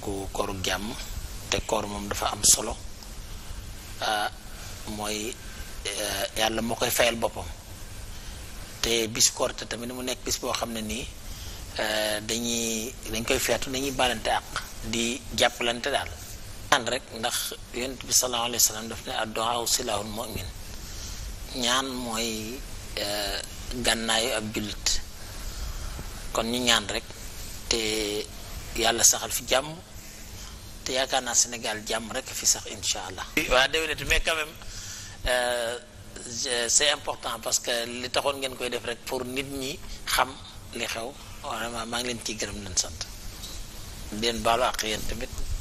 gu kooru jàmm te koor moom dafa am solo ah, mooy eh, yàlla moo koy fayal boppam te bis koor te tamit mu nekk bis boo xam ne nii eh, dañuy dañ koy feetu dañuy baalante àq di jàppalante daal ñaan rek ndax yonent bi sallallahu alayhi wa sallam daf ne addu'a silaahul mu'min ñaan mooy eh, gànnaayu ab jullit kon ñu ñaan rek te yàlla saxal fi jàmm te yaakaar naa Sénégal jàmm rek fi sax incha allah. waa déwénati mais quand même euh, c'est important parce que li taxoon ngeen koy def rek pour nit ñi xam li xew vraiment maa ngi leen ciy gërëm leen sant. leen baalu ak yéen tamit.